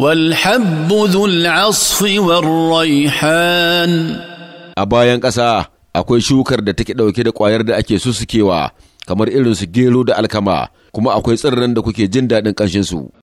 والحب ذو a bayan ƙasa akwai shukar da take ɗauke da ƙwayar da ake sussukewa kamar irin su gero da alkama kuma akwai tsirran da kuke jin daɗin ƙanshinsu